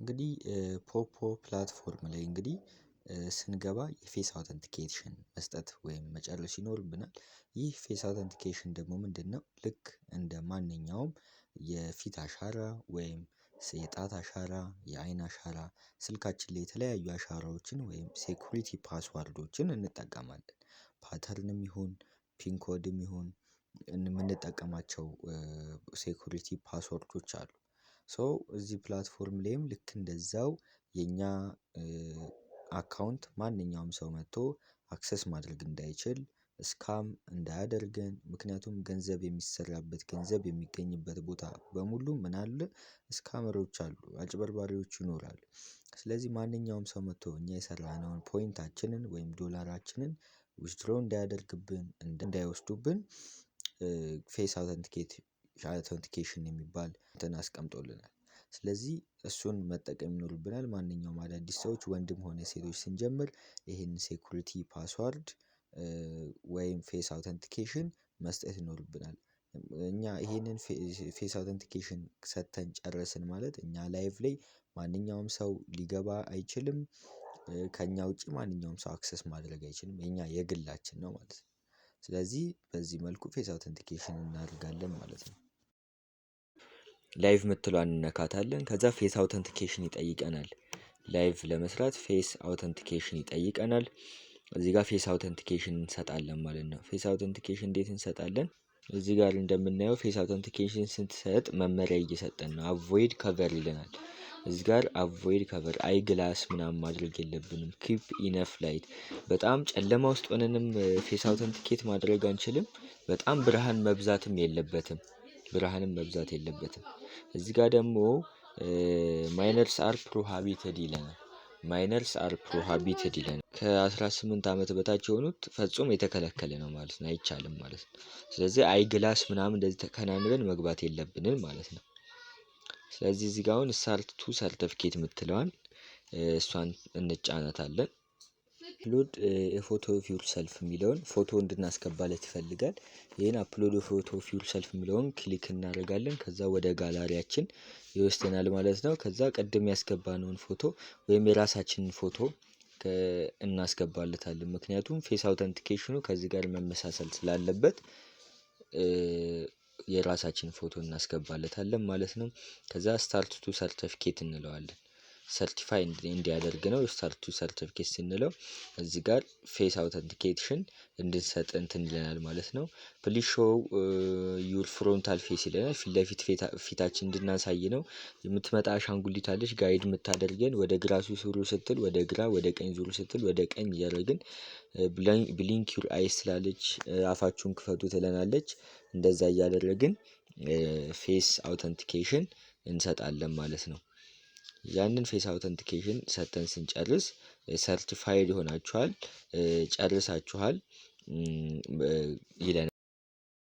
እንግዲህ ፖፖ ፕላትፎርም ላይ እንግዲህ ስንገባ የፌስ አውተንቲኬሽን መስጠት ወይም መጨረስ ይኖርብናል ይህ ፌስ አውተንቲኬሽን ደግሞ ነው? ልክ እንደ ማንኛውም የፊት አሻራ ወይም የጣት አሻራ የአይን አሻራ ስልካችን ላይ የተለያዩ አሻራዎችን ወይም ሴኩሪቲ ፓስዋርዶችን እንጠቀማለን ፓተርንም ይሁን ፒንኮድም ይሁን የምንጠቀማቸው ሴኩሪቲ ፓስወርዶች አሉ ሶ እዚህ ፕላትፎርም ላይም ልክ እንደዛው የኛ አካውንት ማንኛውም ሰው መጥቶ አክሰስ ማድረግ እንዳይችል ስካም እንዳያደርገን ምክንያቱም ገንዘብ የሚሰራበት ገንዘብ የሚገኝበት ቦታ በሙሉ ምናለ እስካመሮች ስካመሮች አሉ አጭበርባሪዎች ይኖራሉ። ስለዚህ ማንኛውም ሰው መጥቶ እኛ የሰራነውን ፖይንታችንን ወይም ዶላራችንን ውስድሮ እንዳያደርግብን እንዳይወስዱብን ፌስ አውተንቲኬት አውተንቲኬሽን የሚባል እንትን አስቀምጦልናል ስለዚህ እሱን መጠቀም ይኖርብናል ማንኛውም አዳዲስ ሰዎች ወንድም ሆነ ሴቶች ስንጀምር ይህን ሴኩሪቲ ፓስዋርድ ወይም ፌስ አውተንቲኬሽን መስጠት ይኖርብናል። እኛ ይህንን ፌስ አውተንቲኬሽን ሰጥተን ጨረስን ማለት እኛ ላይቭ ላይ ማንኛውም ሰው ሊገባ አይችልም። ከኛ ውጭ ማንኛውም ሰው አክሰስ ማድረግ አይችልም የኛ የግላችን ነው ማለት ነው ስለዚህ በዚህ መልኩ ፌስ አውተንቲኬሽን እናደርጋለን ማለት ነው። ላይቭ የምትለዋን እንነካታለን ከዛ ፌስ አውተንቲኬሽን ይጠይቀናል። ላይቭ ለመስራት ፌስ አውተንቲኬሽን ይጠይቀናል። እዚህ ጋር ፌስ አውተንቲኬሽን እንሰጣለን ማለት ነው። ፌስ አውተንቲኬሽን እንዴት እንሰጣለን? እዚህ ጋር እንደምናየው ፌስ አውተንቲኬሽን ስንሰጥ መመሪያ እየሰጠን ነው። አቮይድ ከቨር ይለናል እዚ ጋር አቮይድ ከቨር አይ ግላስ ምናምን ማድረግ የለብንም። ኪፕ ኢነፍ ላይት። በጣም ጨለማ ውስጥ ሆነንም ፌስ አውተንቲኬት ማድረግ አንችልም። በጣም ብርሃን መብዛትም የለበትም። ብርሃንም መብዛት የለበትም። እዚ ጋር ደግሞ ማይነርስ አር ፕሮሃቢትድ ይለናል። ማይነርስ አር ፕሮሃቢትድ ይለናል። ከ18 ዓመት በታች የሆኑት ፈጹም የተከለከለ ነው ማለት ነው፣ አይቻልም ማለት ነው። ስለዚህ አይ ግላስ ምናምን እንደዚህ ተከናንበን መግባት የለብንም ማለት ነው። ስለዚህ እዚህ ጋር አሁን ሳልት ቱ ሰርተፍኬት የምትለዋን እሷን እንጫናታለን። አፕሎድ የፎቶ ፊውል ሰልፍ የሚለውን ፎቶ እንድናስገባለት ይፈልጋል። ይህን አፕሎድ የፎቶ ፊውል ሰልፍ የሚለውን ክሊክ እናደርጋለን። ከዛ ወደ ጋላሪያችን ይወስደናል ማለት ነው። ከዛ ቅድም ያስገባነውን ፎቶ ወይም የራሳችንን ፎቶ እናስገባለታለን። ምክንያቱም ፌስ አውተንቲኬሽኑ ከዚህ ጋር መመሳሰል ስላለበት የራሳችን ፎቶ እናስገባለታለን ማለት ነው። ከዛ ስታርት ቱ ሰርተፊኬት እንለዋለን ሰርቲፋይ እንዲያደርግ ነው ስታርቱ ሰርቲፊኬት ስንለው እዚህ ጋር ፌስ አውተንቲኬሽን እንድንሰጥ እንትን ይለናል ማለት ነው። ፕሊዝ ሾው ዩር ፍሮንታል ፌስ ይለናል። ፊት ለፊት ፊታችን እንድናሳይ ነው። የምትመጣ አሻንጉሊት አለች ጋይድ የምታደርገን ወደ ግራ ዙሩ ስትል ወደ ግራ፣ ወደ ቀኝ ዙሩ ስትል ወደ ቀኝ እያደረግን ብሊንክ ዩር አይስ ስላለች አፋችሁን ክፈቱ ትለናለች። እንደዛ እያደረግን ፌስ አውተንቲኬሽን እንሰጣለን ማለት ነው። ያንን ፌስ አውተንቲኬሽን ሰጥተን ስንጨርስ ሰርቲፋይድ ሆናችኋል ጨርሳችኋል ይለናል